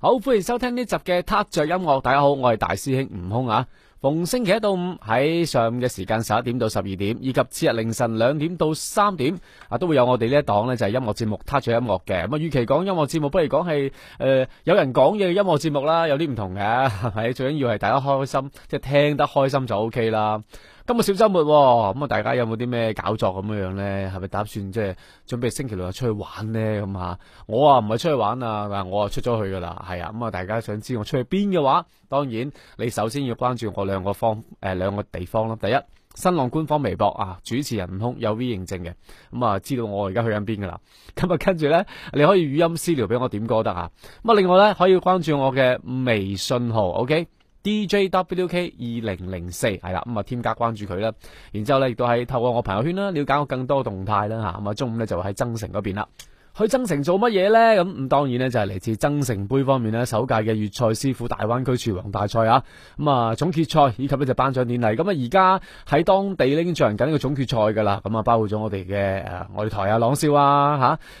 好，歡迎收聽呢集嘅撻著音樂。大家好，我係大師兄悟空啊。逢星期一到五喺上午嘅時間十一點到十二點，以及次日凌晨兩點到三點啊，都會有我哋呢一檔呢就係、是、音樂節目撻著音樂嘅。咁、嗯、啊，與其講音樂節目，不如講係誒有人講嘢嘅音樂節目啦，有啲唔同嘅。係最緊要係大家開心，即、就、係、是、聽得開心就 OK 啦。今日小周末咁啊，大家有冇啲咩搞作咁樣樣呢？係咪打算即係準備星期六日出去玩呢？咁啊，我啊唔係出去玩啊，我啊出咗去噶啦，係啊。咁啊，大家想知我出去邊嘅話，當然你首先要關注我兩個方誒兩個地方啦。第一，新浪官方微博啊，主持人悟空有 V 認證嘅，咁啊知道我而家去緊邊噶啦。咁啊跟住呢，你可以語音私聊俾我點歌得呀。咁啊，另外呢，可以關注我嘅微信號，OK。D J W K 二零零四係啦，咁啊添加關注佢啦，然之後咧，亦都係透過我朋友圈啦，了解我更多動態啦吓。咁啊中午咧就喺增城嗰邊啦。去增城做乜嘢呢？咁咁當然呢，就係嚟自增城杯方面呢，首屆嘅粵菜師傅大灣區廚王大賽啊，咁啊總決賽以及呢隻頒獎典禮。咁啊而家喺當地已經進行緊呢個總決賽噶啦，咁啊包括咗我哋嘅誒外台啊朗少啊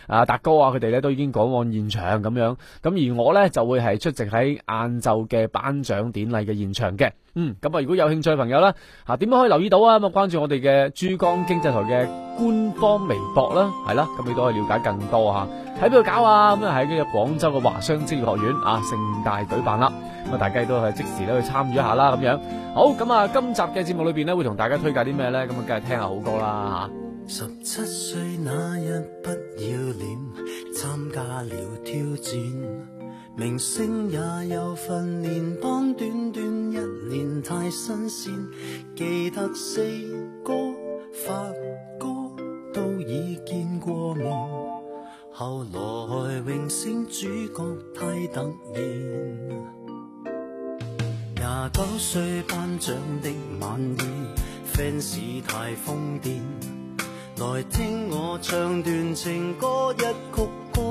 吓啊達哥啊佢哋咧都已經趕往現場咁樣，咁而我呢，就會係出席喺晏晝嘅頒獎典禮嘅現場嘅。嗯，咁啊，如果有興趣嘅朋友咧，啊，點樣可以留意到啊？咁啊，關注我哋嘅珠江經濟台嘅官方微博啦，係啦，咁你都可以了解更多啊。喺邊度搞啊？咁啊，喺呢個廣州嘅華商職業學院啊，盛大舉辦啦，咁啊，大家亦都係即時咧去參與一下啦，咁樣。好，咁啊，今集嘅節目裏邊呢，會同大家推介啲咩呢？咁啊，梗係聽下好歌啦吓。十七歲那日不要臉參加了挑戰明星也有訓練班，短短一年太新鮮。記得四哥、發哥都已見過面，後來榮升主角太突然。廿九歲頒獎的晚宴 ，fans 太瘋癲，來聽我唱段情歌一曲。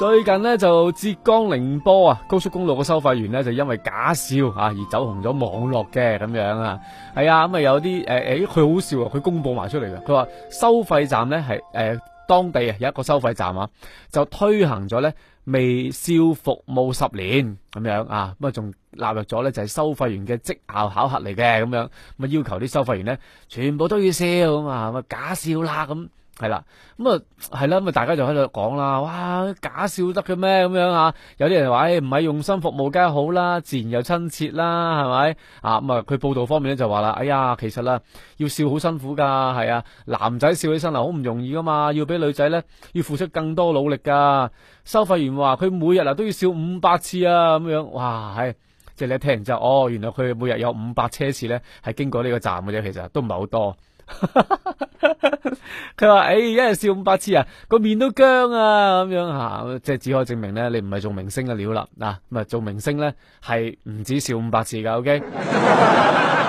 最近呢，就浙江寧波啊高速公路嘅收費員呢，就因為假笑啊而走紅咗網絡嘅咁樣啊，啊係啊，咁啊有啲誒誒，佢好笑啊，佢公布埋出嚟嘅。佢話收費站呢，係誒、欸、當地啊有一個收費站啊就推行咗呢「微笑服務十年咁樣啊，咁啊仲納入咗呢，就係、是、收費員嘅績效考核嚟嘅咁樣，咁啊要求啲收費員呢，全部都要笑啊嘛，假笑啦咁。係啦，咁啊係啦，咁啊大家就喺度講啦，哇假笑得嘅咩咁樣啊？有啲人話，誒唔係用心服務梗係好啦，自然又親切啦，係咪啊？咁啊佢報道方面咧就話啦，哎呀，其實啦要笑好辛苦噶，係啊，男仔笑起身啊好唔容易噶嘛，要俾女仔咧要付出更多努力噶收費員話佢每日啊都要笑五百次啊，咁樣哇係，即係你一聽完之後，哦原來佢每日有五百車次咧係經過呢個站嘅啫，其實都唔係好多。佢話：誒， 一、哎、日笑五百次啊，個面都僵啊，咁樣吓，即係只可以證明咧，你唔係做明星嘅料啦。嗱、啊，咁啊做明星咧係唔止笑五百次噶，OK。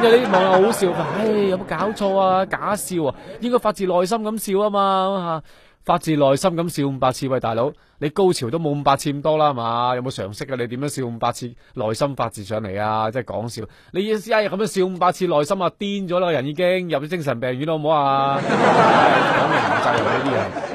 因為啲網友好笑，話：誒，有冇搞錯啊？假笑啊，應該發自內心咁笑啊嘛吓。發自內心咁笑五百次，喂大佬，你高潮都冇五百次咁多啦，係嘛？有冇常識啊？你點、啊哎、樣笑五百次？內心發自上嚟啊。真係講笑，你意思啊咁樣笑五百次，內心啊癲咗啦！個人已經入咗精神病院，好唔好啊？講明唔制呢啲人。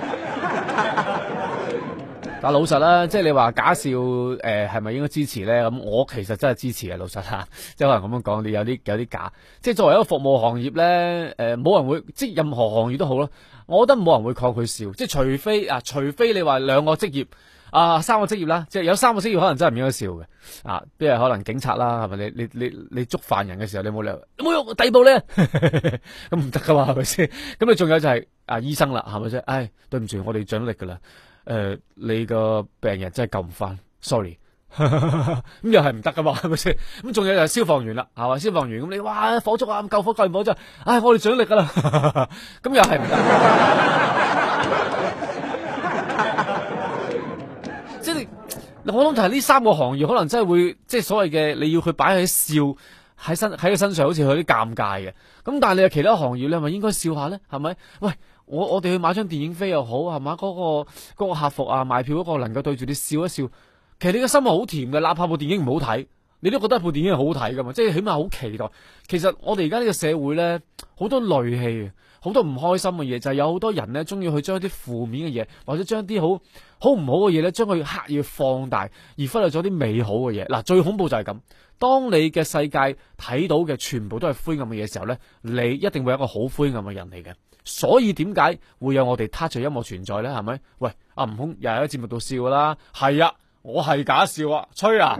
但老實啦，即係你話假笑誒，係咪應該支持咧？咁我其實真係支持嘅，老實吓，即係可能咁樣講，你有啲有啲假。即係作為一個服務行業咧，誒，冇人會即係任何行業都好啦，我覺得冇人會抗拒笑。即係除非啊，除非你話兩個職業啊，三個職業啦，即係有三個職業可能真係唔應該笑嘅啊，即係可能警察啦，係咪？你你你你捉犯人嘅時候，你冇理由冇用第二步咧，咁唔得噶嘛，係咪先？咁你仲有就係啊醫生啦，係咪先？唉，對唔住，我哋盡力噶啦。誒、呃，你個病人真係救唔翻，sorry，咁又係唔得噶嘛，係咪先？咁仲有就係消防員啦，係嘛？消防員，咁你哇，火燭啊，救火救唔好咋？唉，我哋盡力噶啦，咁又係唔得。 即係，我諗就係呢三個行業可能真係會，即係所謂嘅你要佢擺喺笑喺身喺佢身上好，好似佢啲尷尬嘅。咁但係你有其他行業，你係咪應該笑下咧？係咪？喂！我我哋去買張電影飛又好，係嘛，嗰個嗰個客服啊，賣票嗰個能夠對住你笑一笑，其實你嘅心係好甜嘅。哪怕部電影唔好睇，你都覺得部電影係好睇噶嘛，即係起碼好期待。其實我哋而家呢個社會呢，好多戾氣，好多唔開心嘅嘢，就係、是、有好多人呢中意，去將一啲負面嘅嘢，或者將啲好好唔好嘅嘢呢，將佢刻意放大，而忽略咗啲美好嘅嘢。嗱，最恐怖就係咁。當你嘅世界睇到嘅全部都係灰暗嘅嘢時候咧，你一定會有一個好灰暗嘅人嚟嘅。所以點解會有我哋 touch 音樂存在咧？係咪？喂，阿、啊、悟空又喺節目度笑㗎啦。係啊，我係假笑啊，吹啊！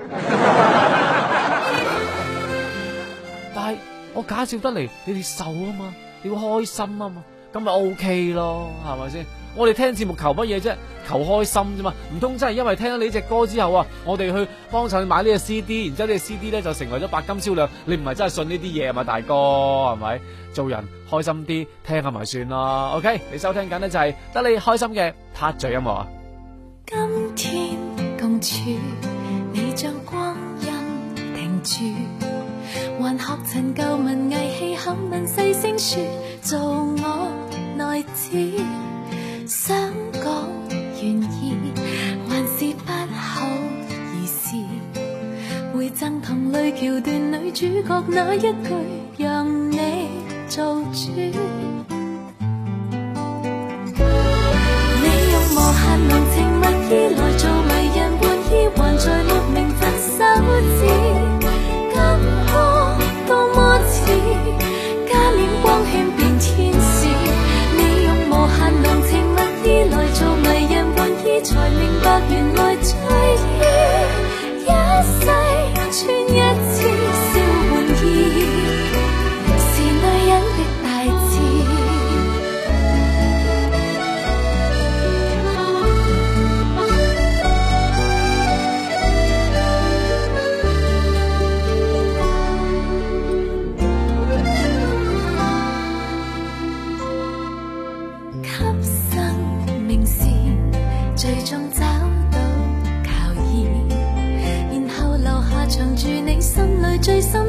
但係我假笑得嚟，你哋受啊嘛，你會開心啊嘛。咁咪 O K 咯，係咪先？我哋聽節目求乜嘢啫？求開心啫嘛！唔通真係因為聽咗你隻歌之後啊，我哋去幫襯去買呢隻 C D，然之後呢隻 C D 咧就成為咗白金銷量。你唔係真係信呢啲嘢係咪，大哥係咪？做人開心啲，聽下咪算啦。O K，你收聽緊呢就係得你開心嘅拍聚音樂。今天共處，你將光陰停住，還學陳舊文藝戲口吻細聲說：做我。內子想講願意，還是不好意思？回贈同類橋段女主角那一句，讓你做主。